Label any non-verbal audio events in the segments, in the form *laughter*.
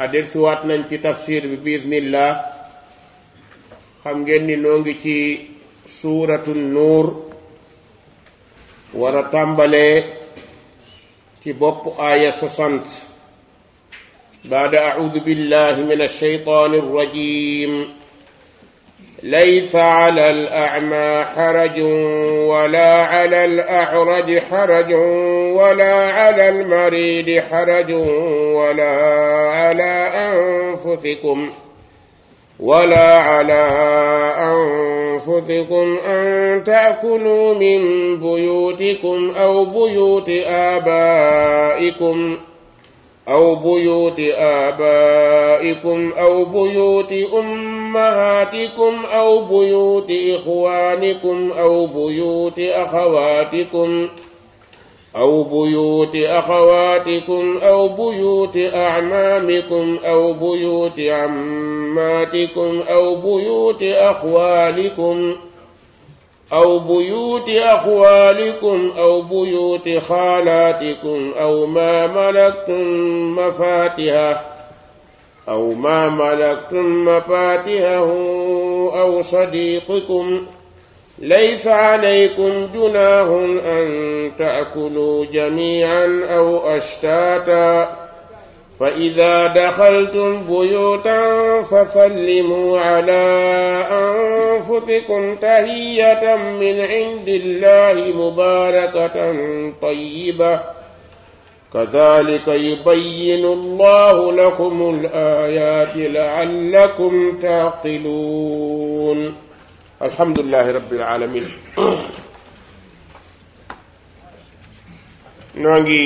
a dellusiwaat nañ ci tafsir bi biidnillah xam ngeen ni noo ngi ci suuratu nuur wara a ci boppu aaya soixante baada audu billahi min alshaytan arrajim ليس على الأعمى حرج ولا على الأعرج حرج ولا على المريض حرج ولا على أنفسكم ولا على أنفسكم أن تأكلوا من بيوتكم أو بيوت آبائكم أو بيوت آبائكم أو بيوت أمهاتكم أمهاتكم أو بيوت إخوانكم أو بيوت أخواتكم أو بيوت أخواتكم أو بيوت أعمامكم أو بيوت عماتكم أو بيوت أخوالكم أو بيوت أخوالكم أو بيوت خالاتكم أو ما ملكتم مفاتحه أو ما ملكتم مفاتحه أو صديقكم ليس عليكم جناح أن تأكلوا جميعا أو أشتاتا فإذا دخلتم بيوتا فسلموا على أنفسكم تهية من عند الله مباركة طيبة كذلك يبين الله لكم الآيات لعلكم تعقلون الحمد لله رب العالمين noo ngi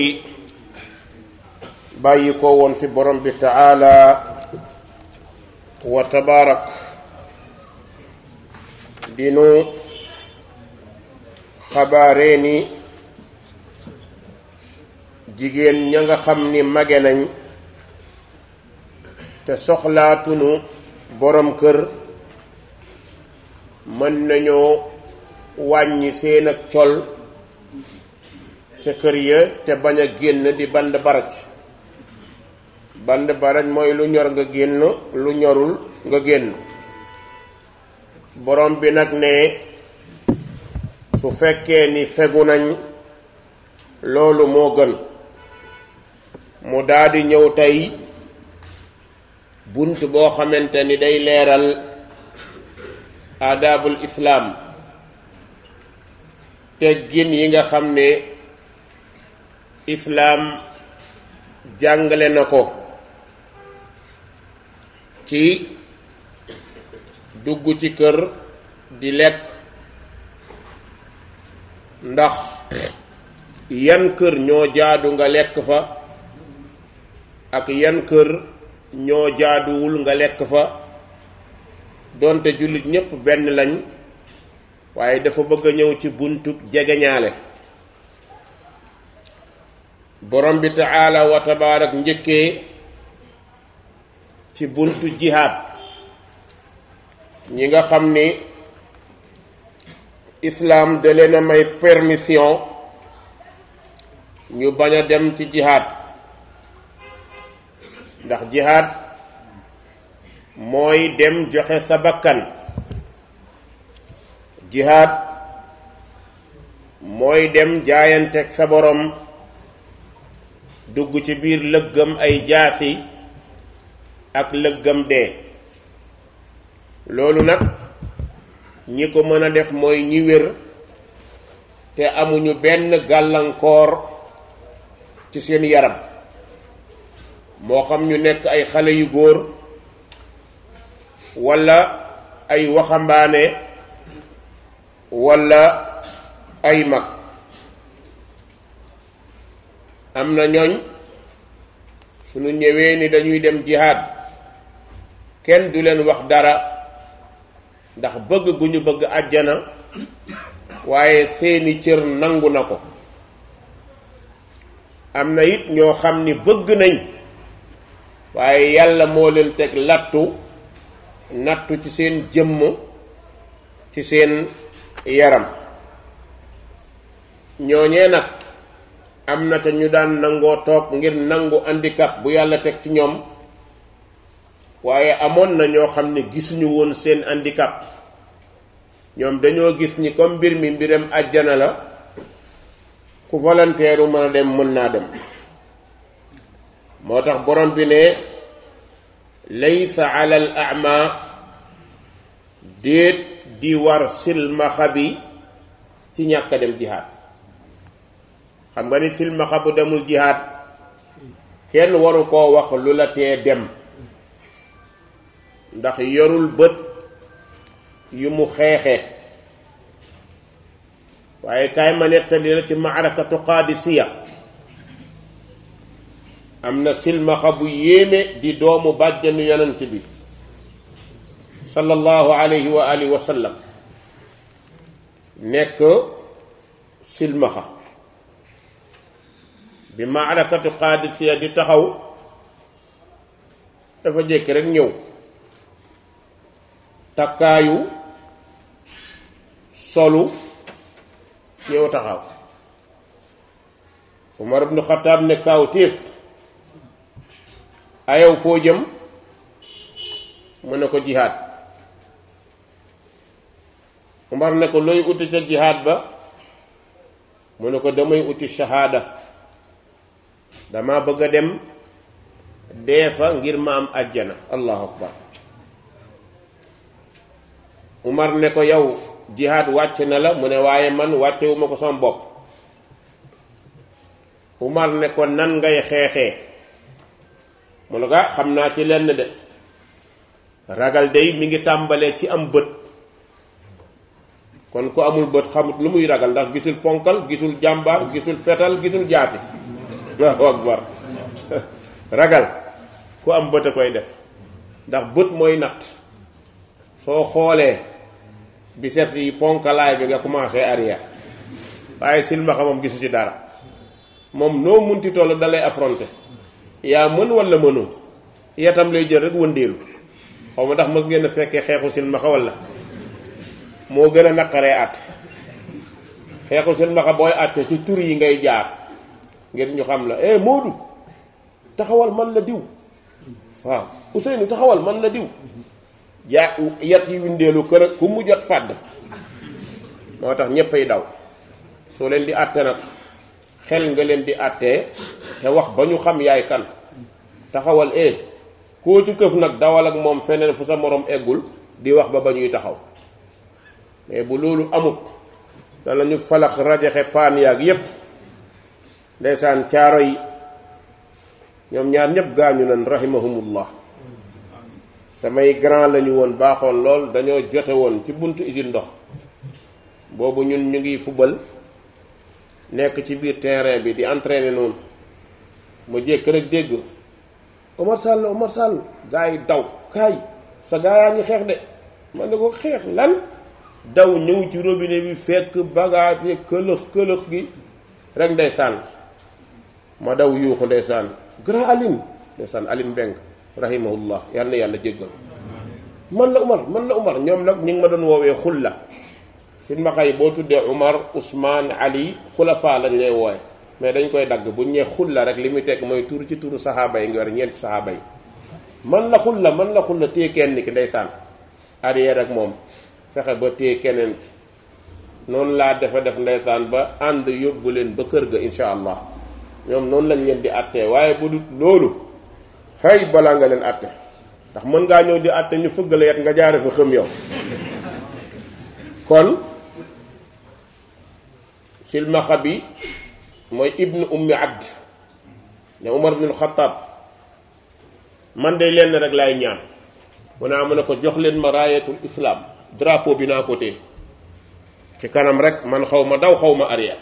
bàyyi ko woon fi borom bi taala wa tabaarak dinu xabaaree ni jigéen ña nga xam ni mage nañ te soxlaatunu borom kër mën nañoo wàññi seen ak col ca kër ya te bañ a génn di band baraj band baraj mooy lu ñor nga génn lu ñorul nga génn borom bi nag ne su fekkee ni fegu nañ loolu moo gën mu daadi ñëw tey bunt boo xamante ni day leeral aadaabul islaam gin yi nga xam ne islaam jàngale na ko ci dugg ci kër di lekk ndax yan kër ñoo jaadu nga lekk fa ak yan kër ñoo jaaduwul nga lekk fa doonte jullit ñépp benn lañ waaye dafa bëgg a ñëw ci buntub jegeñaale borom bi taala wa tabaarak njëkkee ci buntu jihaad ñi nga xam ni islaam da leen may permission ñu bañ a dem ci jihaad ndax jihaad mooy dem joxe sa bakkan jihaad mooy dem jaayanteeg sa boroom dugg ci biir lëggam ay jaasi ak lëggam dee loolu nag ñi ko mën a def mooy ñi wér te amuñu benn gàllankoor ci seen yaram moo xam ñu nekk ay xale yu góor walla ay waxambaane walla ay mag am na ñooñ suñu ñëwee ni dañuy dem jihaad kenn du leen wax dara ndax bëgg gu ñu bëgg àjjana waaye seeni cër nangu na ko am na it ñoo xam ni bëgg nañ waaye yàlla moo leen teg lattu nattu ci seen jëmm ci seen yaram ñooñee nag am na te ñu daan nangoo toog ngir nangu handicap bu yàlla teg ci ñoom waaye amoon na ñoo xam ne gisuñu woon seen handicap ñoom dañoo gis ni comme mbir mi mbiram àjjana la ku volontaire mën a dem mën naa dem moo tax boron bi ne laysa ala al ama déet di war silmaxa bi ci ñàkk a dem jihaad xam nga ni silmaxa bu demul jihaad kenn waru koo wax lu la tee dem ndax yorul bët yu mu xeexe waaye kaay ma nettali la ci maarakatu qaadisiya am na silmaxa bu yéeme di doomu bàjjanu yonent bi sallallahu alayhi wa alihi nekk silmaxa bi maarakatu qaadisiya di taxaw dafa jékki rek ñëw takkaayu solu ñëw taxaw Umar ibnu Xataab ne kaaw ayow foo jëm mu ne ko jihaad Umar ne ko looy uti ca jihaad ba mu ne ko damay uti shahaada dama bëgg a dem dee fa ngir ma am àjjana allahu akbar Umar ne ko yow jihaad wàcc na la mu ne waaye man wàccewu ma ko sama bopp Umar ne ko nan ngay xeexee mu ne ko ah, xam naa ci lenn de ragal day mi ngi tàmbalee ci am bët kon ku amul bët xamut lu muy ragal ndax gisul ponkal gisul jàmbar gisul fetal gisul jaati *laughs* ragal ku am bët koy def ndax bët mooy natt soo xoolee bi set yi bi nga commencé arrière waaye silmaxa moom gisu ci dara moom noo munti toll dalay affronté yaa mën wala mënoo yatam lay jël rek wëndeelu xaw ma ndax mos ngeen fekkee xeexu silmaxa wala moo gën a naqaree àtte xeexu silmaxa booy àtte ci turi yi ngay jaar ngir ñu xam la eh Moodu taxawal man la diw waaw Ousseynou taxawal man la diw jaa yat yi wëndeelu kër ku mu jot fàdd moo tax ñëppay daw soo leen di àtte nag xel nga leen di àttee te wax ba ñu xam yaay kan taxawal eeg koo ci këf nag dawal ak moom feneen fu sa moroom eggul di wax ba ba ñuy taxaw mais bu loolu amut danañu falax rajaxe paan yaag yépp ndeysaan caaro yi ñoom ñaar ñëpp gaañu nan rahimahumullah samay grand lañu woon baaxoon lool dañoo jote woon ci bunt usine ndox boobu ñun ñu ngi fubal nekk ci biir terrain bi di entraîner noonu ma jékk rek dégg Omar Sall Omar Sall gaa yi daw kaay sa gaa yaa ngi xeex de man ne ko xeex lan daw ñëw ci robinet bi fekk bagage yi këlëx këlëx gi rek ndeysaan ma daw yuuxu ndeysaan grand Aline ndeysaan Aline Mbeng rahimahullah yàlla yàlla jéggal man la Umar man la Umar ñoom nag ñu ngi ma doon woowee xulla fi ma xay boo tuddee Umar Ousmane Ali xulafaa lañ lay wooye mais dañ koy dagg bu xul xulla rek li muy tekk mooy tur ci turu saxaaba yi ngi war ñeenti saxaaba yi man la xulla man la xul xulla téye kenn ki ndeysaan arrière rek moom fexe ba téye keneen noonu laa defe def ndeysaan ba ànd yóbbu leen ba kër ga incha allah ñoom noonu lañ leen di attee waaye bu dut loolu xëy balaa nga leen atte ndax mën ngaa ñëw di atte ñu fëggale yet nga jaare fa xëm yow kon silmaxa bi mooy ibnu ummi abd ne umar ibnul xataab man de lenn rek lay ñaan mu ne amu ah, ne ko jox leen ma raayatul islam drapo bi naa ko téye ci kanam rek man xaw ma daw xaw ma arrière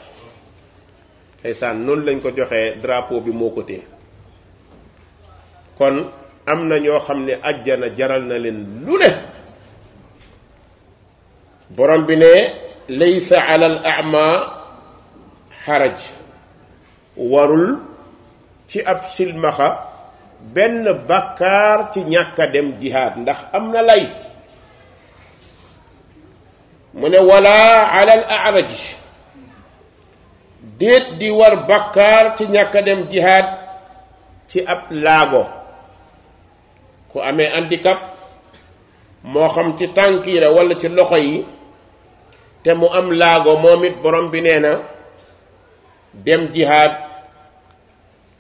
ndeysaan noonu lañ ko joxee drapeau bi moo ko téye kon am na ñoo xam ne ajjana jaral na leen lu ne borom bi ne laysa ala al ama xaraj warul ci ab silmaxa benn bàkkaar ci ñàkk dem jihaad ndax am na lay mu ne wala alal araji déet di war bàkkaar ci ñàkk a dem jihaad ci ab laago ku amee handicap moo xam ci tànk yi la walla ci loxo yi te mu am laago moom it borom bi nee na dem jihaad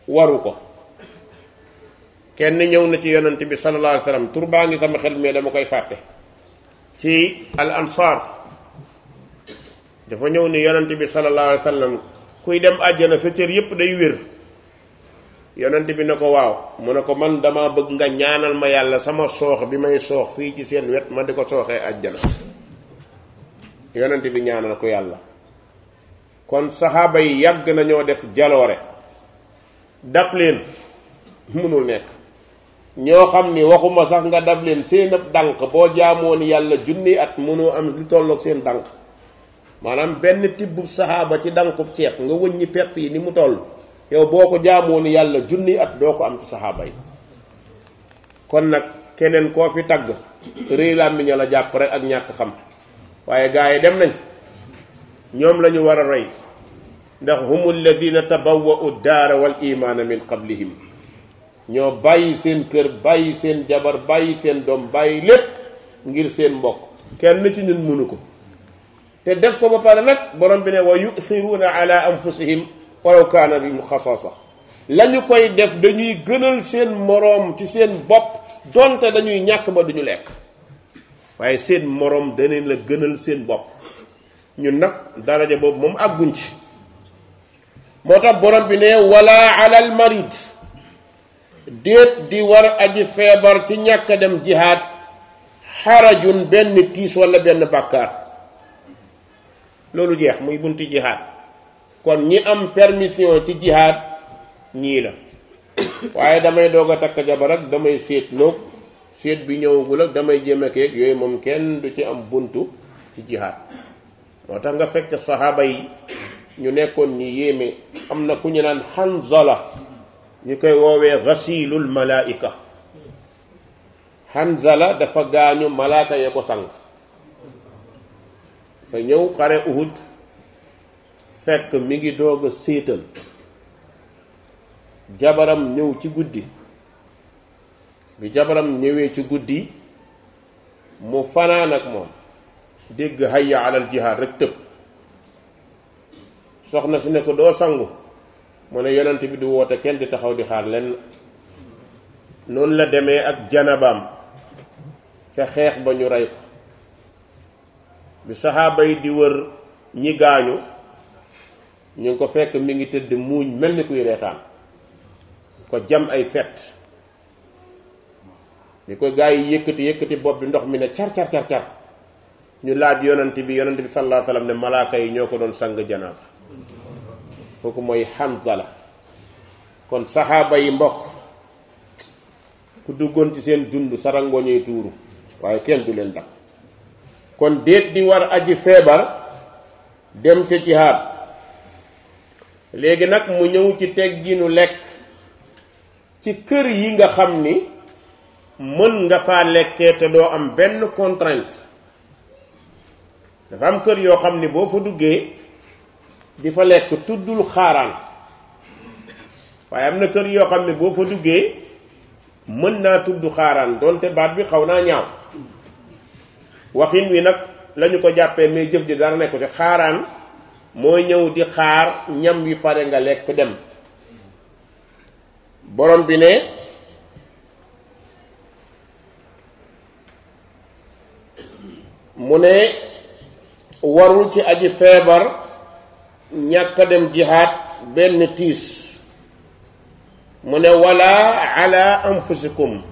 waru ko kenn ñëw na ci yonent bi sallallahu alayhi wa sallam tur baa ngi sama xel mais dama koy fàtte ci al ansar dafa ñëw ni yonent bi sallallahu alayhi wa kuy dem àjjana sa cër yépp day wér yonent bi ne ko waaw mu ne ko man dama bëgg nga ñaanal ma yàlla sama soox bi may soox fii ci seen wet ma di ko sooxee àjjana yonent bi ñaanal ko yàlla kon saxaaba yi yàgg nañoo def jaloore dab leen mënul nekk ñoo xam ni waxuma sax nga dab leen seen ab dànq boo jaamoon yàlla junni at mënoo am lu tolloog seen dànq maanaam benn tibb saxaaba ci dànqub ceeb nga wëññi pepp yi ni mu toll yow boo ko jaamoon yàlla junni at doo ko am ci saxaaba yi kon nag keneen koo fi tagg réy làmmiñ la jàpp rek ak ñàkk xam waaye gaa yi dem nañ ñoom lañu war a roy ndax hum alladina tabawwau daara wal imaana min qablihim ñoo bàyyi seen kër bàyyi seen jabar bàyyi seen doom bàyyi lépp ngir seen mbokk kenn ci ñun mënu ko te def ko ba pare nag borom bi ne wa yusiruuna ala anfusihim walaw kaana mu xasoo sax lañu koy def dañuy gënal seen moroom ci seen bopp donte dañuy ñàkk ba duñu lekk waaye seen moroom daneen la gënal seen bopp ñun nag daraja boobu moom àgguñ ci moo tax borom bi ne walla alal marid déet di war aji feebar ci ñàkk a dem jihaad xarajun benn tiis wala benn bàkkaar loolu jeex muy bunti jihaad kon ñi am permission ci jihaad ñii la waaye damay doog a takk jabar damay séet noog séet bi ñëwagul ak damay jéem a yooyu moom kenn du ci am buntu ci jihaad moo tax nga fekk saxaaba yi ñu nekkoon ñu yéeme am na ku ñu naan Hanzala ñu koy woowee ghasilul malaika Hanzala dafa gaañu malaaka ya ko sang fa ñëw xare Uhud fekk mi ngi doog a séetal jabaram ñëw ci guddi bi jabaram ñëwee ci guddi mu fanaan ak moom dégg hayya alal jihaad rek tëb soxna su ne ko doo sangu moo ne yonent bi du woote kenn di taxaw di xaar lenn noonu la demee ak janabaam ca xeex ba ñu rey ko bi saxaaba yi di wër ñi gaañu ñu ngi ko fekk mi ngi tëdd muuñ mel ni kuy reetaan ko jam ay fett bi ko gaa yi yëkkati yëkkati bopp bi ndox mi ne car car car ñu laaj yonent bi yonent bi sallallahu alayhi ne malaaka yi ñoo ko doon sang janaaba kooku mooy Hanzala kon saxaaba yi mbox ku duggoon ci seen dund sarango ñuy tuuru waaye kenn du leen dab kon déet di war aji feebar dem te jihaad léegi nag mu ñëw ci teg nu lekk ci kër yi nga xam ni mën nga faa lekkee te doo am benn contraint dafa am kër yoo xam ni boo fa duggee di fa lekk tuddul xaaraan waaye am na kër yoo xam ne boo fa duggee mën naa tudd xaaraan donte baat bi xaw naa ñaaw waxin wi nag lañu ko jàppee mais jëf ji dara nekku ci xaaraan mooy ñëw di xaar ñam wi pare nga lekk dem borom bi ne mu ne warul ci aji feebar ñàkk a dem jihaad benn tiis mu ne wala ala anfusikum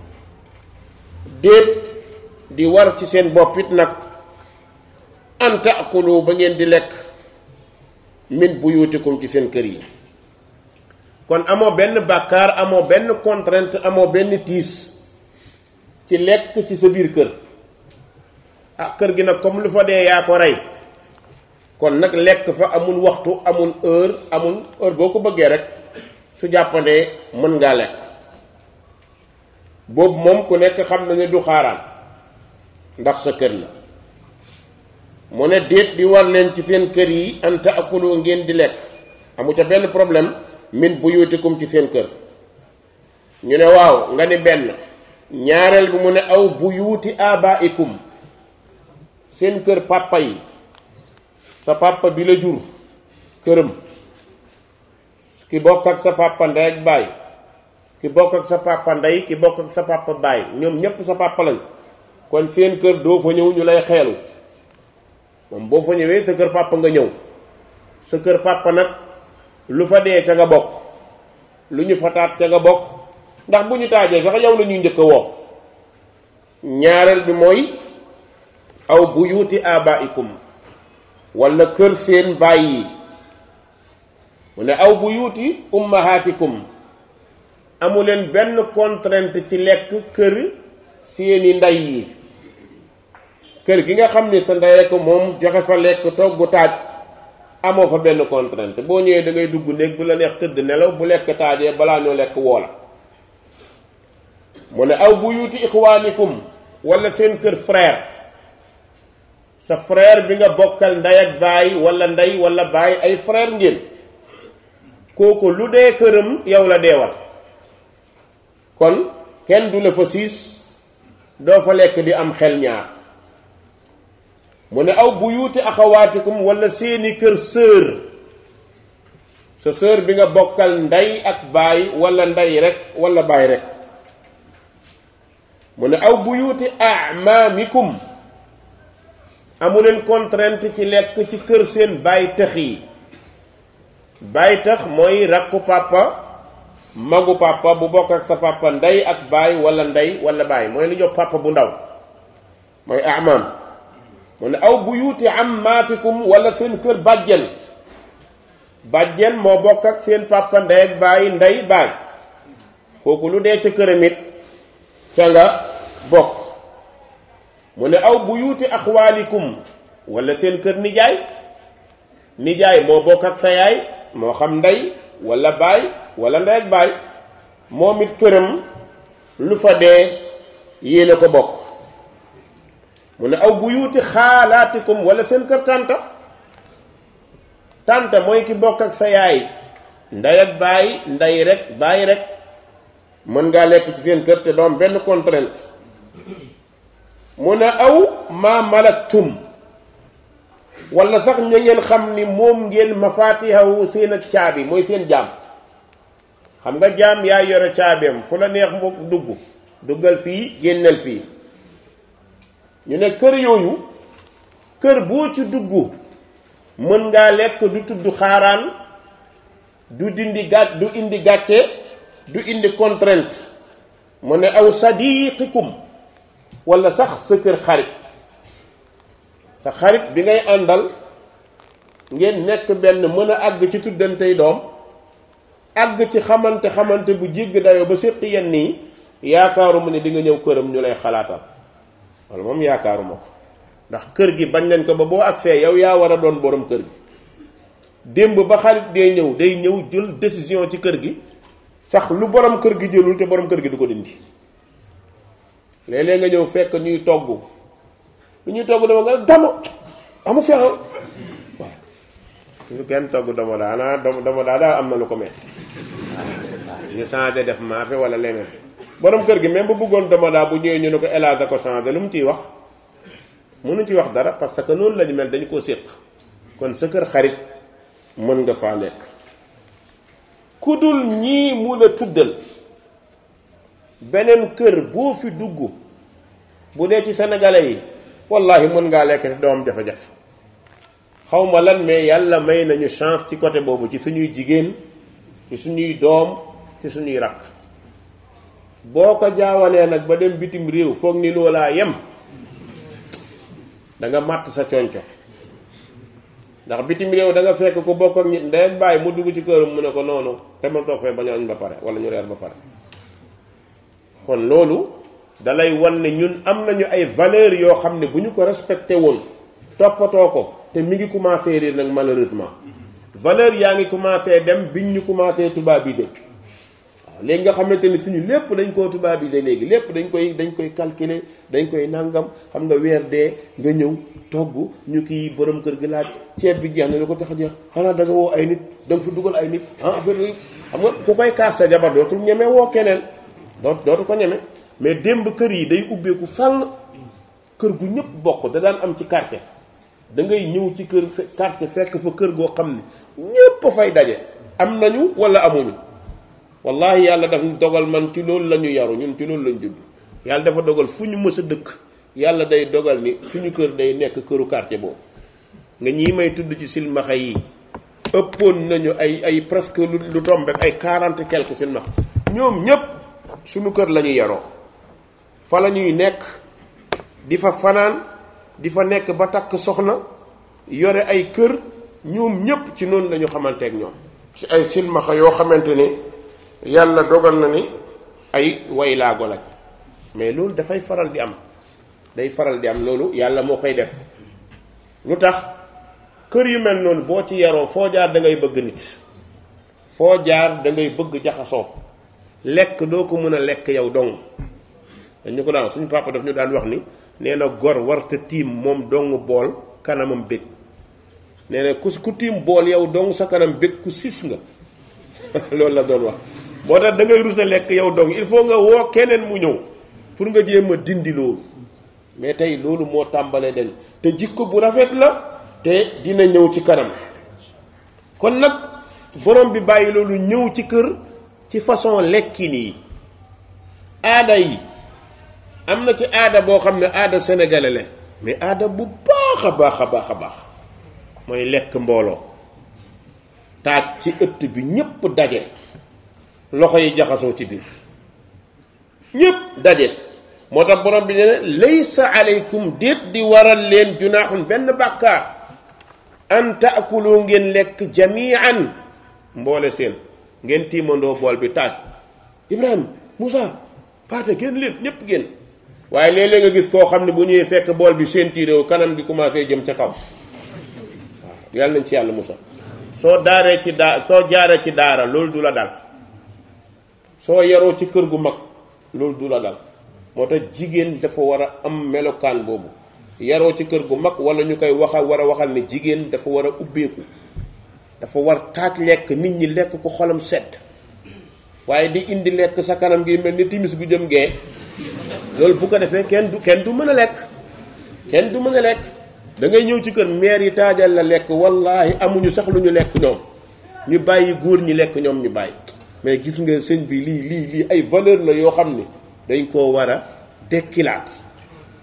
déet di war ci seen boppit nag an taakulu ba ngeen di lekk mit bu buyutikum ci seen kër yi kon amoo benn bàkkaar amoo benn contraint amoo benn tiis ci lekk ci sa biir kër ah kër gi nag comme lu fa dee yaa ko rey kon nag lekk fa amul waxtu amul heure amul heure boo ko bëggee rek su jàppandee mën ngaa lekk boobu moom ku nekk xam na ne du xaaraan ndax sa kër la mu ne déet bi war leen ci seen kër yi an ta'kulu ngeen di lekk amul ca benn problème min buyutikum ci seen kër ñu ne waaw nga ni benn ñaareel bi mu ne aw buyuti abaikum seen kër papa yi sa papa bi la jur këram ki bokk ak sa papa ndey ak baay ki bokk ak sa papa ndey ki bokk ak sa papa baay ñoom ñépp sa papa lañ kon seen kër doo fa ñëw ñu lay xeelu moom boo fa ñëwee sa kër papa nga ñëw sa kër papa nag lu fa dee ca nga bokk lu ñu fa taat ca nga bokk ndax bu ñu taajee sax yow la ñuy njëkk a woo ñaareel bi mooy aw bu yuuti buyuuti abaikum wala kër seen baay mu ne aw buyuuti ummahatikum amu leen benn contrainte ci lekk kër seeni ndey yi kër gi nga xam ni sa ndey ko moom joxe fa lekk togg taaj amoo fa benn contrainte boo ñëwee dangay dugg néeg bu la neex tëdd nelaw bu lekk taajee balaa ñoo lekk woola mu ne aw buyuuti ixwaanikum wala seen kër frère sa frère bi nga bokkal ndey ak baay wala ndey walla baay ay frère ngeen kooku lu dee këram yow la deewal kon kenn du la fa siis doo fa lekk di am xel ñaar mu ne aw buyuuti axawaatikum walla seeni kër sœur sa sër bi nga bokkal ndey ak baay walla ndey rek wala baay rek mu ne aw buyuuti amaamikum amu leen contrainte ci lekk ci kër seen baay tax yi baay tax mooy rakku papa magu papa bu bokk ak sa papa ndey ak baay wala ndey wala baay mooy lu jox papa bu ndaw mooy amam mu ne aw buyuuti ammaatikum wala seen kër bàjjen bàjjen moo bokk ak seen papa ndey ak baay ndey baay kooku lu dee ca këram it ca nga bokk mu ne aw bu buyuuti axwaalikum walla seen kër nijaay nijaay moo bokk ak sa yaay moo xam ndey walla baay wala ndey ak baay moom it këram lu fa dee yéene ko bokk mu ne aw bu buyuuti xaalaatikum wala seen kër tànta tànta mooy ki bokk ak sa yaay ndey ak baay ndey rek baay rek mën ngaa lekk ci seen kër te doom benn contrainte mu ne aw ma malaktum wala sax ña ngeen xam ni moom ngeen mafatihawu seen ak caabi mooy seen jaam xam nga jaam yaa yore caabeem fu la neex mu dugg duggal fii génnal fii ñu ne kër yooyu kër boo ci duggu mën ngaa lekk du tudd xaaraan du dindi gàtt du indi gàcce du indi contrainte mu ne aw sadiqikum wala sax sa kër xarit sa xarit bi ngay àndal ngeen nekk benn mën a àgg ci tuddantey doom àgg ci xamante xamante bu jégg dayoo ba séq yenn yi yaakaaruma ne di nga ñëw këram ñu lay xalaatal wala moom yaakaaruma ko ndax kër gi bañ nañ ko ba boo agsee yow yaa war a doon boroom kër gi démb ba xarit day ñëw day ñëw jël décision ci kër gi sax lu boroom kër gi jëlul te borom kër gi du ko dindi léeg-léeg nga ñëw fekk ñuy togg lu ñuy togg dama nga domo amu fi waaw daa naa domo daa daal am na lu ko metti ñu changé def maafe wala leneen borom kër gi même bu bëggoon domo daa bu ñëwee ñu ne ko élage ko changé lu mu ciy wax mënu ci wax dara parce que loolu lañu mel dañu koo séq kon sa kër xarit mën nga faa lekk ku dul ñii mu la tuddal beneen kër boo fi dugg bu dee ci sénégalais yi wallahi mën ngaa lekk te doom jafe-jafe xaw lan mais yàlla may nañu chance ci côté boobu ci suñuy jigéen ci suñuy doom ci suñuy rakk boo ko jaawalee nag ba dem bitim réew foog ni loolaa yem danga nga màtt sa conco ndax bitim réew da nga fekk ko bokk ak nit ndee bàyyi mu dugg ci këram mu ne ko noonu te ma toog fee ba ñu añ ba pare wala ñu reer ba pare kon loolu dalay wan ne ñun am nañu ay valeurs yoo xam ne bu ñu ko respecté woon toppatoo ko te mi ngi commencé réer nag malheureusement valeur yaa ngi commencé dem biñ ñu commencé tubaabisé de léegi nga xamante ni suñu lépp dañ koo tubaabisé léegi lépp dañ koy dañ koy calculer dañ koy nangam xam nga weer dee nga ñëw togg ñu kii borom kër gi laaj ceeb bi jeex na lu ko tax a jeex xanaa da nga woo ay nit da nga dugal ay nit ah affaire yi xam nga ku koy kaas sa jabar dootul ñeme woo keneen. dootu dootu ko ñeme mais démb kër yi day ubbeeku fànn kër gu ñëpp bokk da daan am ci quartier da ngay ñëw ci kër quartier fekk fa kër goo xam ne ñëpp fay daje am nañu wala amuñu wallahi yàlla daf ñu dogal man ci loolu la ñu yaru ñun ci loolu la ñu yàlla dafa dogal fu ñu mës a dëkk yàlla day dogal ni ñu kër day nekk këru quartier boobu nga ñii may tudd ci silmaxa yi ëppoon nañu ay ay presque lu lu tombe ay quarante quelque silmaxa ñoom ñëpp. suñu kër la ñu yaroo fa la nekk di fa fanaan di fa nekk ba takk soxna yore ay kër ñoom ñépp ci noonu la ñu ñoom ci ay silmaxa yoo xamante ni yàlla dogal na ni ay way laago mais loolu dafay faral di am day faral di am loolu yàlla moo koy def lu tax kër yu mel noonu boo ci yaroo foo jaar da ngay bëgg nit foo jaar dangay bëgg jaxasoo lekk doo ko mën a lekk yow dong dañu ko daan suñu papa daf ñu daan wax ni nee na gor te tiim moom dong bool kanamam bég nee na ku ku tiim bool yow dong sa kanam bég ku sis nga *laughs* loolu la doon wax boo tax da ngay lekk yow dong il faut nga woo keneen mu ñëw pour nga jéem a mais tey loolu moo tàmbalee dañ te jikko bu rafet la te dina ñëw ci kanam kon nag borom bi bàyyi loolu ñëw ci kër ci façon lekki nii aada yi am na ci aada boo xam ne aada sénégalais mais aada bu baax a baax a baax mooy lekk mbooloo taaj ci ëtt bi ñépp daje loxo yi jaxasoo ci biir ñépp daje moo tax borom bi ne laysa aleykum déet di waral leen junaaxun benn bàkkaar an taakulu ngeen lekk jamian mboole seen ngeen tiimandoo bool bi taaj Ibrahima Moussa Paate génn leen ñëpp génn waaye léeg-léeg nga gis koo xam ne bu ñuy fekk bool bi seen tiiréew kanam gi commencé jëm ca kaw waaw yàlla nañ ci yàlla musa soo daaree ci daa soo jaaree ci daara loolu du la dal soo yaroo ci kër gu mag loolu du la dal moo tax jigéen dafa war a am melokaan boobu yaroo ci kër gu mag wala ñu koy waxa war a waxal ne jigéen dafa war a ubbeeku dafa war taaj lekk nit ñi lekk ko xolam sedd waaye di indi lekk sa kanam gi mel ni timis bu jëm gee loolu bu ko defee kenn du kenn du mën a lekk kenn du mën a lekk dangay ñëw ci kër maire yi taajal la lekk wallaahi amuñu sax lu ñu lekk ñoom ñu bàyyi góor ñi lekk ñoom ñu bàyyi mais gis nga sëñ bi lii lii lii ay valeur la yoo xam ni dañ koo war a dekkilaat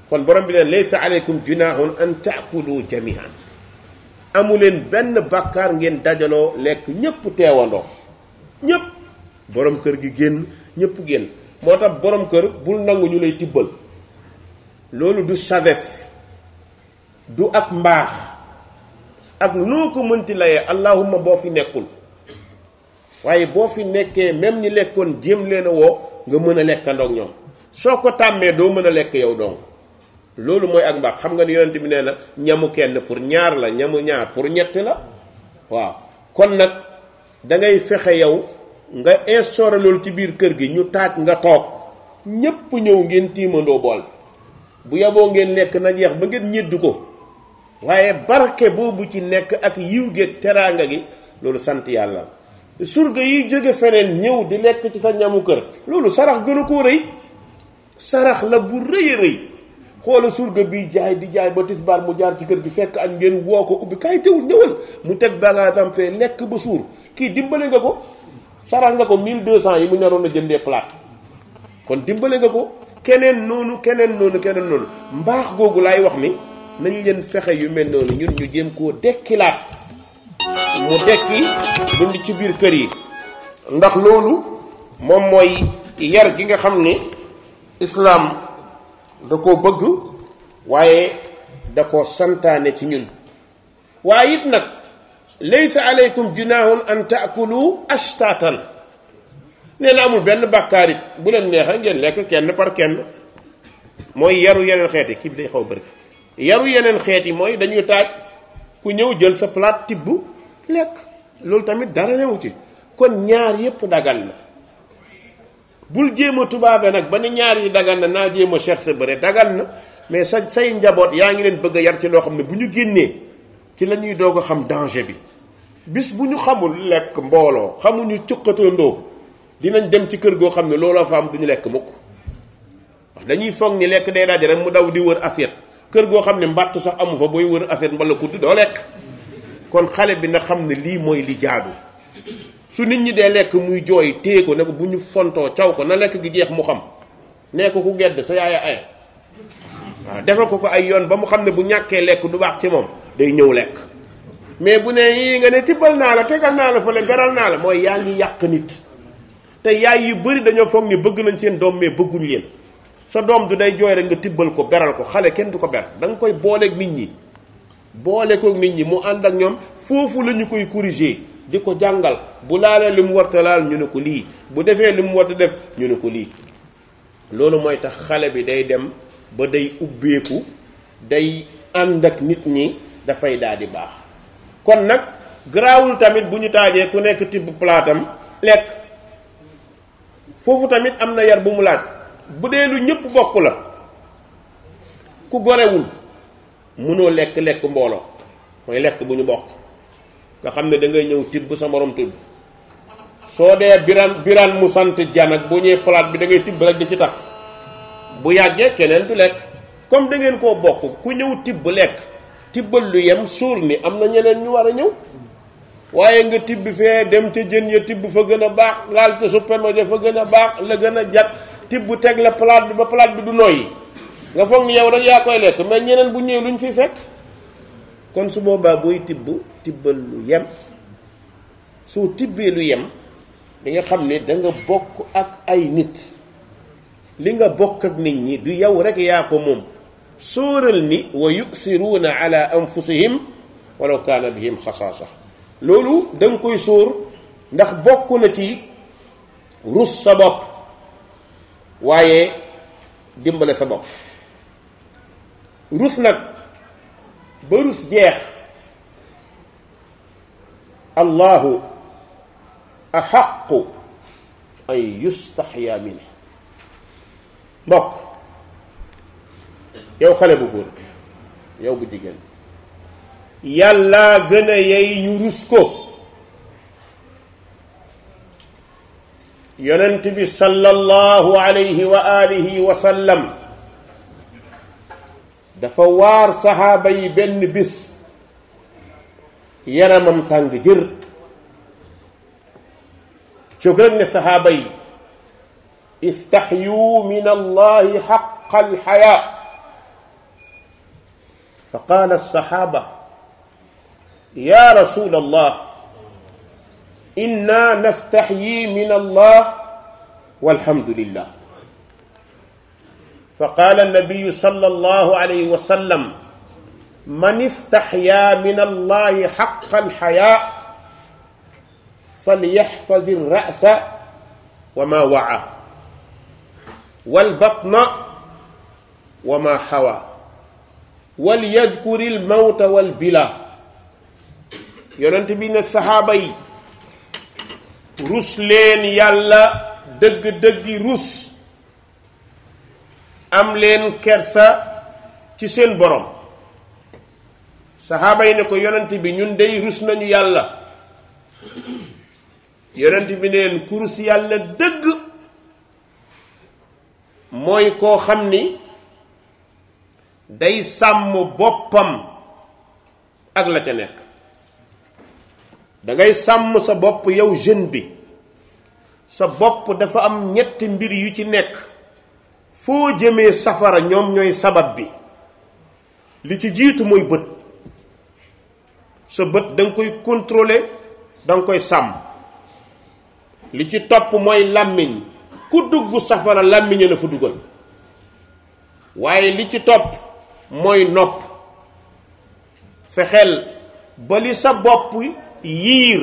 kon borom bi leen laysa aleykum junahun an taakulu jamian amu leen benn bàkkaar ngeen dajaloo lekk ñépp teewandoo ñépp boroom kër gi génn ñépp génn moo tax boroom kër bul nangu ñu lay tibbal loolu du sagesse du ak mbaax ak loo ko mënti layee allahuma boo fi nekkul waaye boo fi nekkee même ni lekkoon jéem leen a woo nga mën a lekkandoog ñoom soo ko tàmmee doo mën a lekk yow dong loolu mooy ak mbaax xam nga ni yonent mu nee na ñamu kenn pour ñaar la ñamu ñaar pour ñetti la waaw kon nag da ngay fexe yow nga instauré loolu ci biir kër gi ñu taaj nga toog ñépp ñëw ngeen tiimandoo bool bu yaboo ngeen nekk na jeex ba ngeen ñeddu ko waaye barke boobu ci nekk ak yiw geeg teraanga gi loolu sant yàlla surga yi jóge feneen ñëw di lekk ci sa ñamu kër loolu sarax gënu ko rëy sarax la bu rëy rëy xoola surga bii jaay di jaay ba tisbaar mu jaar ci kër gi fekk ak ngeen woo ko ubbi kaay teewul ñëwal mu teg bagaasam fee lekk ba suur kii dimbale nga ko sarax nga ko 1200 yi mu naroon a jëndee plate kon dimbale nga ko keneen noonu keneen noonu keneen noonu mbaax googu laay wax ni nañ leen fexe yu mel noonu ñun ñu jéem koo dekkilaat mu dekki dund ci biir kër yi ndax loolu moom mooy yar gi nga xam ni islaam da ko bëgg waaye da koo santaane ci ñun waaye it nag laysa alaykum junahun an taakulu ashtatan nee na amul benn bàkkaar bu leen neexee ngeen lekk kenn par kenn mooy yaru yeneen xeet yi kii bi day xaw bëri yaru yeneen xeet yi mooy dañuy taaj ku ñëw jël sa plat tibb lekk loolu tamit dara newu ci kon ñaar yépp dagal na bul jéem a tubaabe nag ba ni ñaar yi dagan naa jéem a cherche bëre dagan na mais sa say njaboot yaa ngi leen bëgg yar ci loo xam ne bu ñu génnee ci la ñuy doog xam danger bi bis bu ñu xamul lekk mbooloo xamuñu cuqatandoo dinañ dem ci kër goo xam ne looloo fa am duñu lekk mukk wax dañuy foog ni lekk day daje rek mu daw di wër affaire kër goo xam ne mbàttu sax amu fa booy wër affaire mbala kudd doo lekk kon xale bi na xam ne lii mooy li jaadu su nit ñi dee lekk muy jooy téye ko ne ko bu ñu fontoo caw ko na lekk gi jeex mu xam nee ko ku gedd sa yaaya ay waaw defal ko ko ay yoon ba mu xam ne bu ñàkkee lekk du baax ci moom day ñëw lekk mais bu ne yii nga ne tibbal naa la tegal naa la fële garal naa la mooy yaa ngi yàq nit te yaay yu bëri dañoo foog ni bëgg nañ seen doom mais bëgguñ leen sa doom du day jooy rek nga tibbal ko beral ko xale kenn du ko ber da nga koy booleek nit ñi boole koog nit ñi mu ànd ak ñoom foofu la ñu koy corriger di ko jàngal bu laalee li mu warta laal ñu ne ko lii bu defee li mu warta def ñu ne ko lii loolu mooy tax xale bi day dem ba day ubbeeku day ànd ak nit ñi dafay daal baax kon nag garaawul tamit bu ñu taajee ku nekk tibb palaatam lekk foofu tamit am na yar bu mu laaj bu dee lu ñëpp bokk la ku gorewul mënoo lekk lekk mbooloo mooy lekk bu ñu bokk nga xam ne da ngay ñëw tibb sa moroom tibb soo dee biran biran mu sant jan ak boo ñëwee palaat bi da ngay tibb rek di ci tax bu yàggee keneen du lekk comme da ngeen koo bokk ku ñëw tibb lekk tibbal lu yem suur ni am na ñeneen ñu war a ñëw waaye nga tibb fee dem ca jën ya tibb fa gën a baax laal ca supame ja fa gën a baax la gën a jat tibb teg la palaat bi ba palaat bi du nooyi nga foog ni yow rek yaa koy lekk mais ñeneen bu ñëwee lu luñ fi fekk kon su boobaa booy tibb tibbal lu yem soo tibbee lu yem di nga xam ne danga bokk ak ay nit li nga bokk ak nit ñi du yow rek yaa ko moom sóoral ni wa yuksiruuna ala anfusihim walaw kaana bihim xasaasa loolu da koy sóor ndax bokk na ci rus sa bopp waaye dimbale sa bopp rus nag ba rus jeex allahu axaqu an yustaxya min mbokk yow xale bu góor yow bu jigéen yàlla gën a yey ñu rus ko yonent bi sallallahu alayhi wa alihi wa sallam dafa waar saxaaba yi benn bis yaramam tàng jër jóg rek ne saxaaba yi istaxyu min allahi xaqa alxayaa fa qaala alsaxaaba ya rasul allah inna nastaxyi min allah walhamdu lillah فقال النبي صلى الله عليه وسلم من استحيا من الله حق الحياء فليحفظ الرأس وما وعى والبطن وما حوى وليذكر الموت والبلا yonent bi ne saxaaba yi rus leen yàlla dëgg-dëggi rus am leen kersa ci seen borom saxaaba yi ne ko yonent bi ñun day rus nañu yàlla yonent bi ne leen ku yàlla dëgg mooy koo xam ni day sàmm boppam ak la ca nekk da sàmm sa bopp yow jeune bi sa bopp dafa am ñetti mbir yu ci nekk foo jëmee safara ñoom ñooy sabab bi li ci jiitu mooy bët sa bët danga koy contrôler danga koy sàmm li ci topp mooy làmmiñ ku dugg safara làmmiñ la fa dugal waaye li ci topp mooy nopp fexeel ba li sa bopp yiir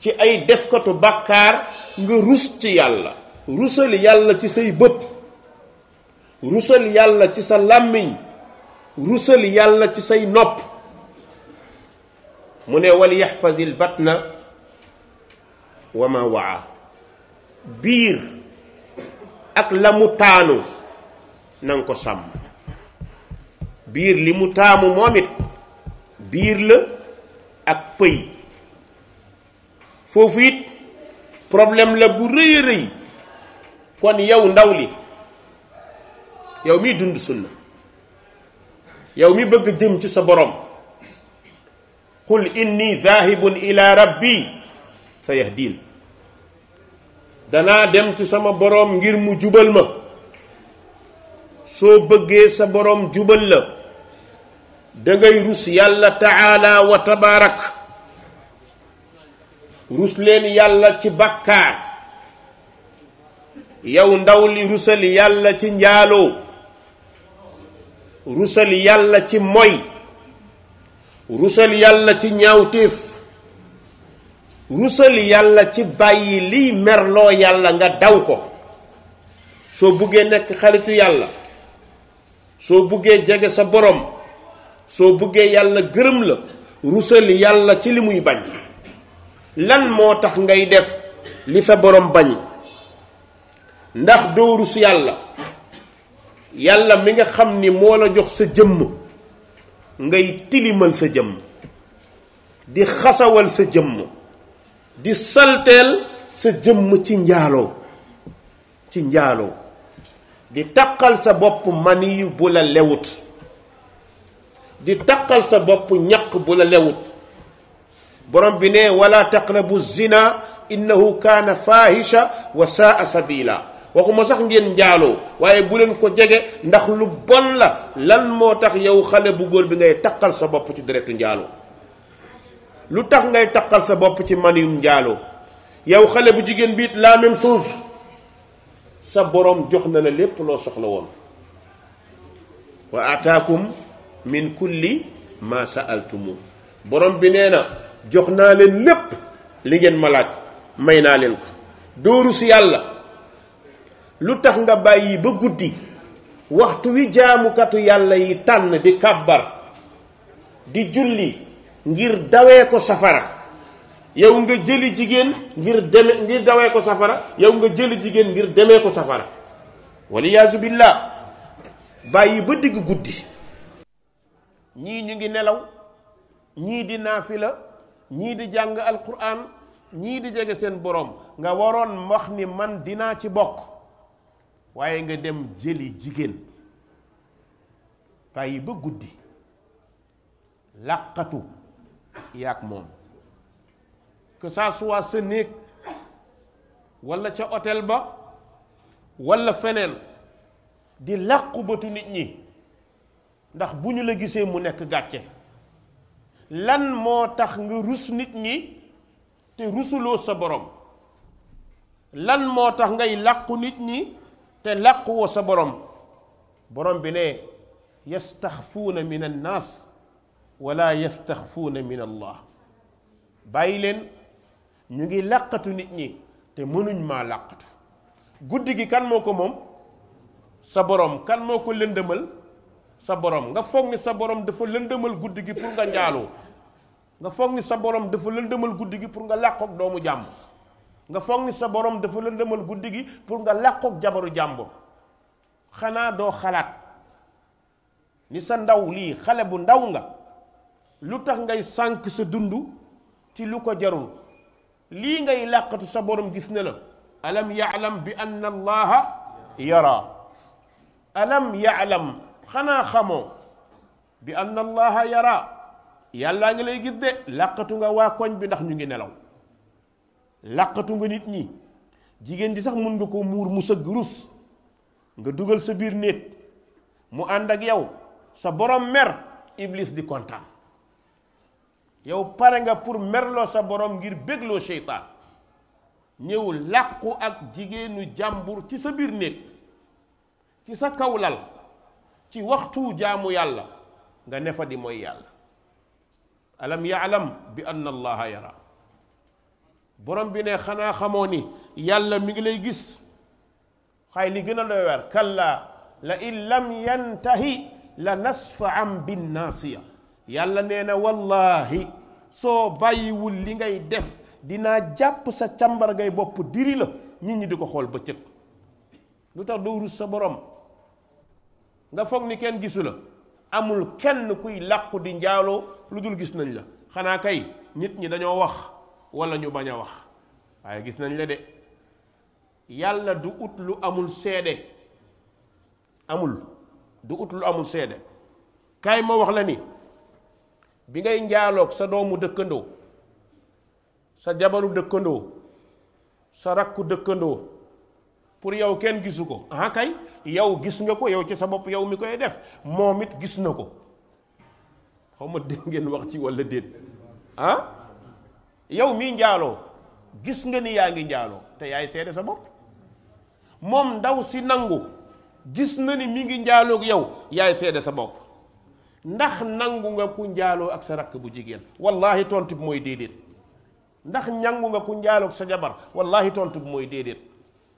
ci ay defkatu bàkkaar nga rus ci yàlla rusali yàlla ci say bët rusal yàlla ci sa làmmiñ rusal yàlla ci say nopp mu ne wal bat na wa ma waa biir ak la mu taanu na ko sàmm biir li mu taamu moom it biir la ak pëy foofu it problème la bu rëy a rëy kon yow ndaw li yow miy dund sunna yow mi bëgg jëm ci sa borom qul inni zaahibun ila rabbi sa yahdin danaa dem ci sama borom ngir mu jubal ma soo bëggee sa borom jubal la dangay rus yàlla taala wa tabaarak rus leen yàlla ci bàkkaar yow ndaw li rusal yàlla ci njaaloo rusal yàlla ci moy rusal yàlla ci ñaawteef rusal yàlla ci bàyyi liy merloo yàlla nga daw ko soo buggee nekk xaritu yàlla soo buggee jege sa borom soo buggee yàlla gërëm la rusal yàlla ci li muy bañ lan moo tax ngay def li sa borom bañ ndax doo rus yàlla yàlla mi nga xam ni moo la jox sa jëmm ngay tilimal sa jëmm di xasawal sa jëmm di salteel sa jëmm ci njaaloo ci njaaloo di taqal sa bopp maniyu bu la lewut di taqal sa bopp ñaq bu la lewut borom bi ne wala taqrabu zina innahu kaana fahisha wa saa waxuma sax ngeen njaaloo waaye bu leen ko jege ndax lu bon la lan moo tax yow xale bu góor bi ngay takkal sa bopp ci deretu njaaloo lu tax ngay takkal sa bopp ci manium njaaloo yow xale bu jigéen bi it la même chose sa boroom jox na la lépp loo soxla woon wa ataakum min kulli ma altumu boroom bi nee na jox naa leen lépp li ngeen ma laaj may naa leen ko dóoru si yàlla lu tax nga bàyyi ba guddi waxtu wi jaamukatu yàlla yi tànn di kàbbar di julli ngir dawee ko safara yow nga jëli jigéen ngir deme ngir safara yow nga jëli jigéen ngir demee ko safara waliyaasu billaah bàyyi ba digg guddi ñii ñu ngi nelaw ñii di naafila ñii di jàng alquran ñii di jege seen boroom nga waroon wax ni man dinaa ci bokk waaye nga dem jëli jigéen bàyyi ba guddi làqatu yaag moom que sa néeg walla ca otel ba walla feneen di làqu bëtu nit ñi ndax bu ñu la gisee mu nekk gàcce lan moo tax nga rus nit ñi te rusuloo sa borom lan moo tax ngay làqu nit ñi te làquwoo sa borom borom bi ne yastaxfuuna min annaas wala yastaxfuuna min allah bàyyi leen ñu ngi làqatu nit ñi te mënuñ maa làqatu guddi gi kan moo ko moom sa borom kan moo ko lëndëmal sa borom nga foog ni sa borom dafa lëndëmal guddi gi pour nga njaaloo nga foog ni sa borom dafa lëndëmal guddi gi pour nga làqoog doomu jàmm nga foog ni sa borom dafa la lëndëmal guddi gi pour nga làqoog jabaru jàmbur xanaa doo xalaat ni sa ndaw lii xale bu ndaw nga lu tax ngay sànk sa dund ci lu ko jarul lii ngay làqatu sa borom gis ne la alam yaalam bi anna allaha yara alam yaalam xanaa xamoo bi anna allaha yara yàllaa ngi lay gis de làqatu nga waa koñ bi ndax ñu ngi nelaw làqatu nga nit ñi jigéen ji sax mun nga ko muur mu sëgg rus nga dugal sa biir néeg mu ànd ak yow sa borom mer iblis di kontaan yow pare nga pour merloo sa borom ngir bégloo seytaan ñëw làqu ak jigéenu jàmbur ci sa biir néeg ci sa kaw lal ci waxtu jaamu yàlla nga nefa di mooy yàlla alam yaalam bi anna allaha yara borom bi ne xanaa xamoo ni yàlla mi ngi lay gis xaay li gën a doy waar kalla la in lam yantahi la nasfa'an bin naasiya yàlla nee na wallaahi soo bàyyiwul li ngay def dinaa jàpp sa càmbar ngay bopp diri la nit ñi di ko xool ba bëccëg lu tax doo rus sa borom nga foog ni kenn gisu la amul kenn kuy làqu di njaaloo lu dul gis nañ la xanaa kay nit ñi dañoo wax walla ñu bañ a wax waaye gis nañ la de yàlla du ut lu amul seede amul du ut lu amul seede kaay ma wax la ni bi ngay njaaloog sa doomu dëkkandoo sa jabaru dëkkandoo sa rakku dëkkandoo pour yow kenn gisu ko aha kay yow gis nga ko yow ci sa bopp yow mi koy def moom it gis na ko xaw ma dégg ngeen wax ci walla déet ah yow mii njaaloo gis nga ni yaa ngi njaaloo te yaay seede sa bopp moom ndaw si nangu gis na ni mi ngi njaaloo yow yaay seede sa bopp ndax nangu nga ku njaaloo ak sa rakk bu jigéen wallahi tontu bi mooy déedéet ndax nangu ku njaaloo sa jabar wallahi tontu bi mooy déedéet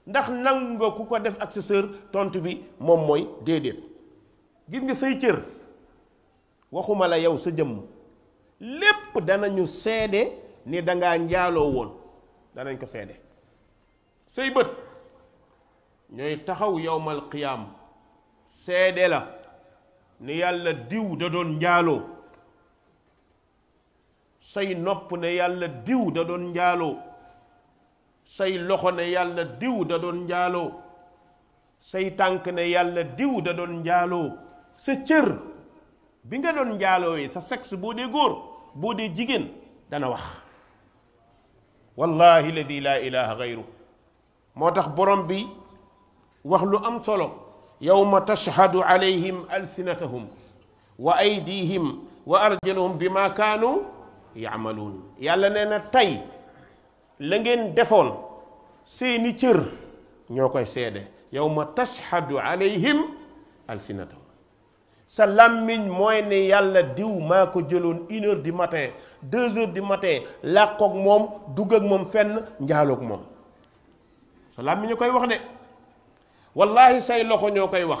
ndax nangu nga ku ko def ak sa sœur tontu bi moom mooy déedéet gis nga say cër waxuma la yow sa jëmm lépp danañu seede ni danga njaaloo woon danañ ko seede say bët ñooy taxaw yowmal qiyaam seede la ni yàlla diw da doon njaaloo say nopp yàlla diw da njaaloo say loxo ne yàlla diw da doon njaaloo say tànk ne yàlla diw da doon njaaloo sa cër bi nga doon njaaloo yi sa sexe boo dee góor boo dee jigéen dana wax wallahi ladi laa ilaha gayru moo tax borom bi wax lu am solo yowma tashhadu alayhim alsinatahum wa aydihim wa arjuluhum bi ma kaanu yaamaluun yàlla nee na tey la ngeen defoon seeni cër ñoo koy seede yowma tashhadu alayhim alsinatahum sa làmmiñ mooy ne yàlla diw maa ko jëloon une di mate deux heures du matin làqoog moom dugg ak moom fenn njaaloog moom sa làmmiñ ñu koy wax de wallahi say loxo ñoo koy wax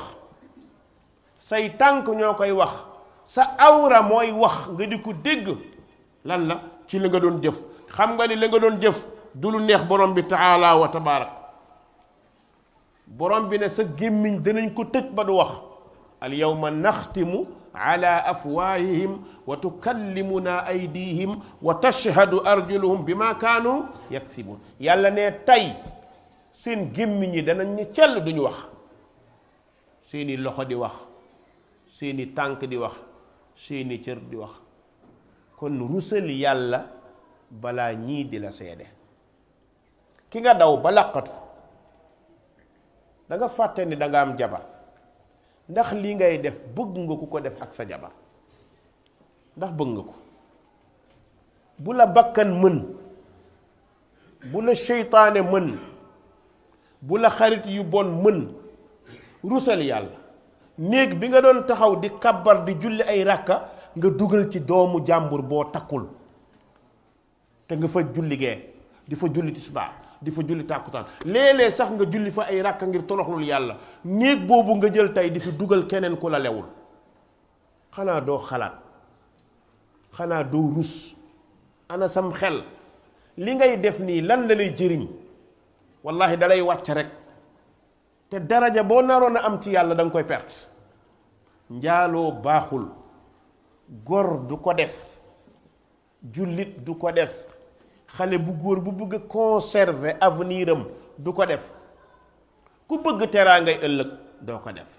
say tànk ñoo koy wax sa awra mooy wax nga di ko dégg lan la ci li nga doon jëf xam nga ni li nga doon jëf du lu neex borom bi taala wa tabaarak borom bi ne sa gémmiñ danañ ko tëj ba du wax al yawma naxtimu ala afwaahihim wa tukallimuna aydihim wa tashhadu arjuluhum bi ma kaanu yàlla ne tey seen gémmiñ yi danañ ñu cell duñu wax seeni loxo di wax seeni tànk di wax seeni cër di wax kon rusal yàlla balaa ñii di la seede ki nga daw ba làqatu da fàtte ni danga am jabar ndax li ngay def bëgg nga ku ko def ak sa jabar ndax bëgg nga ko bu la bakkan mën bu la seytaane mën bu la xarit yu bon mën rusal yàlla néeg bi nga doon taxaw di kabar di julli ay ràkka nga dugal ci doomu jàmbur boo takkul te nga fa julli gee di fa julli ci tisbaar di fa julli tàkkutaan léeg-léeg sax nga julli fa ay ràkka ngir toroxlul yàlla néeg boobu nga jël tey di fi dugal keneen ku la lewul xanaa doo xalaat xanaa doo rus ana sam xel li ngay def nii lan la lay jëriñ wallahi dalay wàcc rek te daraja boo naroon a am ci yàlla danga koy perte njaaloo baaxul góor du ko def jullit du ko def xale bu góor bu bëgg a conserver avenir am du ko def ku bëgg teraa ngay ëllëg doo ko def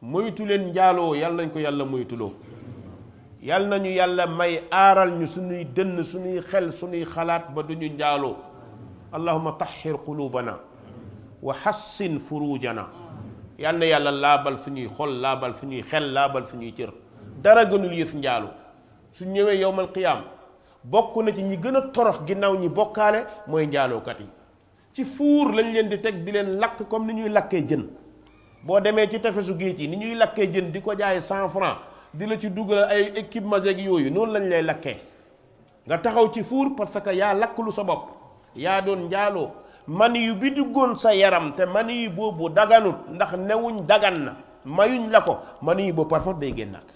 moytu leen njaaloo yàlla nañ ko yàlla moytuloo yàlla nañu yàlla may aaral ñu suñuy dënn suñuy xel suñuy xalaat ba duñu njaaloo allahuma taxir qulubana wa xassin furujana yàlla na yàlla laabal fu ñuy xol laabal fu ñuy xel laabal fu ñuy cër dara gënul yëf njaaloo su ñëwee yowmal qiyaam bokk na ci ñi gën a torox ginnaaw ñi bokkaale mooy njaalookat yi ci fuur lañ leen di teg di leen lakk comme ni ñuy lakkee jën boo demee ci tefesu géej yi ni ñuy lakkee jën di ko jaay cent franc di la ci dugal ay équipement yeeg yooyu noonu lañ lay lakkee nga taxaw ci fuur parce que yaa lakk lu sa bopp yaa doon njaaloo mani yu bi duggoon sa yaram te mani yu boobu daganut ndax newuñ dagan na mayuñ la ko mani yu boobu parfois day génnaat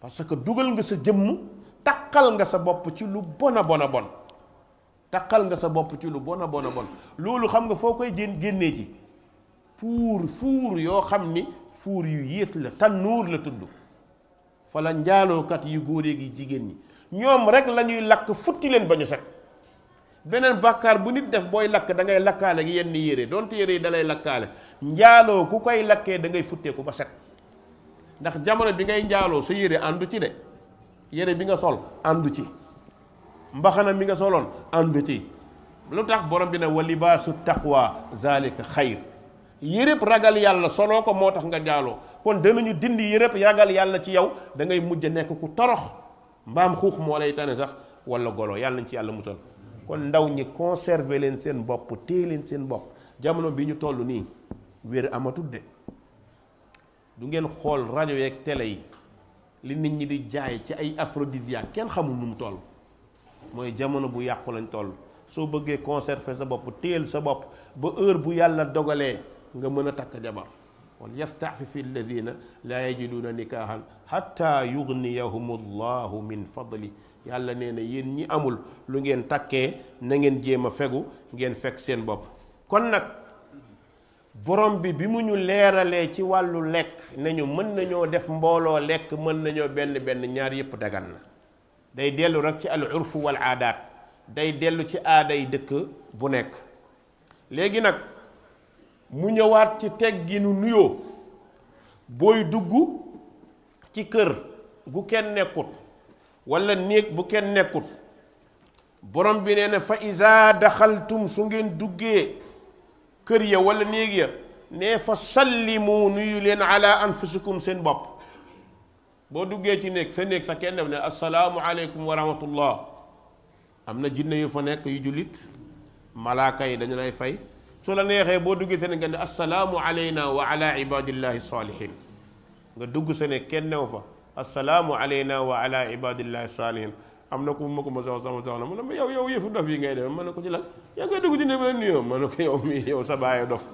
parce que dugal nga sa jëmm takkal nga sa bopp ci lu bon a bon a bon taqal nga sa bopp ci lu bon a bon a bon loolu xam nga foo koy génn génnee ji fuur fuur yoo xam ni fuur yu yées la tannuur la tudd fa la njaalookat yu góoree gi jigéen ñi ñoom rek lañuy ñuy lakk futti leen ba ñu set beneen bàkkaar bu nit def booy lakk da ngay lakkaale gi yenn yére dont yére yi dalay lakkaale njaaloo ku koy lakkee dangay futteeku ba set ndax jamono bi ngay njaaloo sa yére àndu ci de yére bi nga sol àndu ci mbaxana mi nga soloon àndu ci lu tax borom bi ne su libaasu taqwa zalika xayr yërëb ragal yàlla soloo ko moo tax nga jaaloo kon danañu dindi yërëb ragal yàlla ci yow da ngay mujj nekk ku torox mbaam xuux moo lay tane sax wala golo yàlla nañ ci yàlla musal kon ndaw ñi conserver leen seen bopp téye leen seen bopp jamono bi ñu toll nii wér amatul de du ngeen xool rajo yeeg télé yi li nit ñi di jaay ci ay aphrodisiaque kenn xamul nu mu toll mooy jamono bu yàqu lañ toll soo bëggee conserver sa bopp téel sa bopp ba heure bu yàlla dogalee nga mën a takk jabar wal yastaafifi alladina laa yajiduuna nikaahan xatta yugniyahum allahu min fadli yàlla nee na yéen ñi amul lu ngeen takkee na ngeen jéem a fegu ngeen fekk seen bopp kon nag borom bi bi mu ñu leeralee ci wàllu lekk nañu mën nañoo def mbooloo lekk mën nañoo benn benn ñaar yépp dagan na day dellu rek ci al urfu wal aadaat day dellu ci aaday dëkk bu nekk léegi nag mu ñëwaat ci tegginu nuyoo booy dugg ci kër gu kenn nekkut walla néeg bu kenn nekkut borom bi nee na fa iza daxaltum su ngeen duggee kër ya wala néeg ya nee fa sallimu nuyu leen ala anfusikum seen bopp boo duggee ci néeg sa néeg sa kenn def ne salaamu aleykum wa rahmatullah am na jinne yu fa nekk yu jullit malaaka yi dañu lay fay soo la neexee boo duggee seen nga ne assalaamu aleyna wa ala ibadillahi salihin nga dugg sa néeg kenn new fa assalaamu aleyna wa ala ibadillahi salihin am na ku ma ko ma sox sama soxna mu ne ma yow yow yëfu dof yi ngay def ma ne ko ci lan yaa ngi koy dugg ci néeg la nuyoo ma ne ko yow mii yow sa bàyyi dof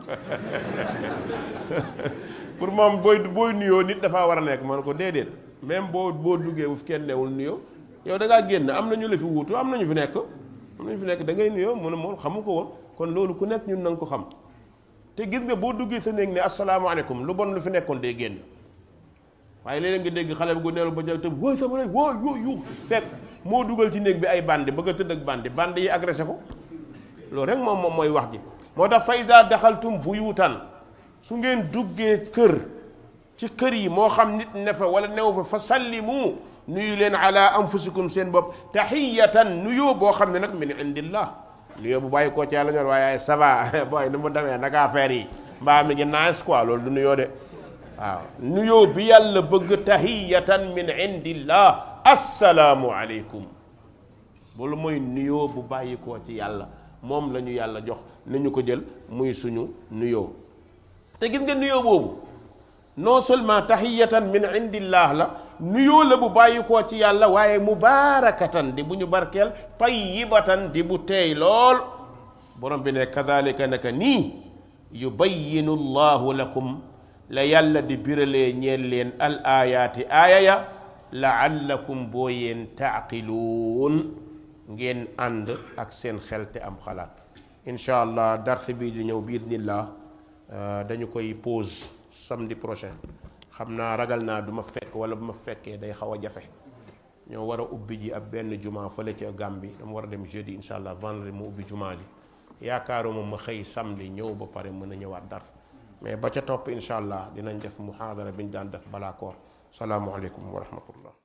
*laughs* pour moom booy booy nuyoo nit dafa war a nekk ma ne ko déedéet même boo boo duggee bu kenn newul nuyoo yow da génn am na ñu wuutu am na ñu fi nekk am na fi nekk da ngay nuyoo mu ne moom xamu ko woon kon loolu ku nekk ñun na nga ko xam te gis nga boo duggee sa néeg ne asalaamaaleykum lu bon lu fi nekkoon day génn waaye léeg nga dégg xale bu nelu ba jël te wooy sama lay wooy wooy yu fekk moo dugal ci néeg bi ay band bëgg a tëdd ak bandi bandi yi agressé ko loolu rek moom moom mooy wax ji moo tax daxal iza daxaltum buyutan su ngeen duggee kër ci kër yi moo xam nit ne fa wala new fa fa sallimu nuyu leen ala anfusikum seen bopp tahiyatan nuyoo boo xam ne nag min indillah nuyoo bu bàyyi koo ci yàlla ñor waaye ça va *laughs* booy nu mu demee naka affaire yi mbaa mi ngi nice quoi loolu du nuyoo de waaw nuyoo bi yàlla bëgg tahiyatan min indillah asalaamualeykum loolu mooy nuyoo bu bàyyikoo ci yàlla moom lañu yàlla jox nañu ko jël muy suñu nuyoo te gis nga nuyoo boobu non seulement tahiyatan min indillah la nuyoo la bu bàyyikoo ci yàlla waaye mubaarakatan di bu ñu barkeel tayyibatan di bu teey lool borom bi ne kadalika naka nii yubayyinu llahu lakum la yàlla di biralee ñeel leen al ayaati aaya laallakum boo yéen taaqiluun ngeen ànd ak seen xel te am xalaat incha allah darse bii di ñëw bi idnillah euh, dañu koy pause samedi prochain xam naa ragal naa du ma fekk wala bu ma fekkee day xaw a jafe ñoo war a ubbi ji ak benn juma fële ca Gàmbi dama war a dem jeudi incha allah vendredi mu ubbi juma ji yaakaaruma ma xëy samedi ñëw ba pare mën a ñëwaat dars mais ba ca topp incha allah dinañ def muhaadara bi ñu daan def balaa koor salaamualeykum wa rahmatullah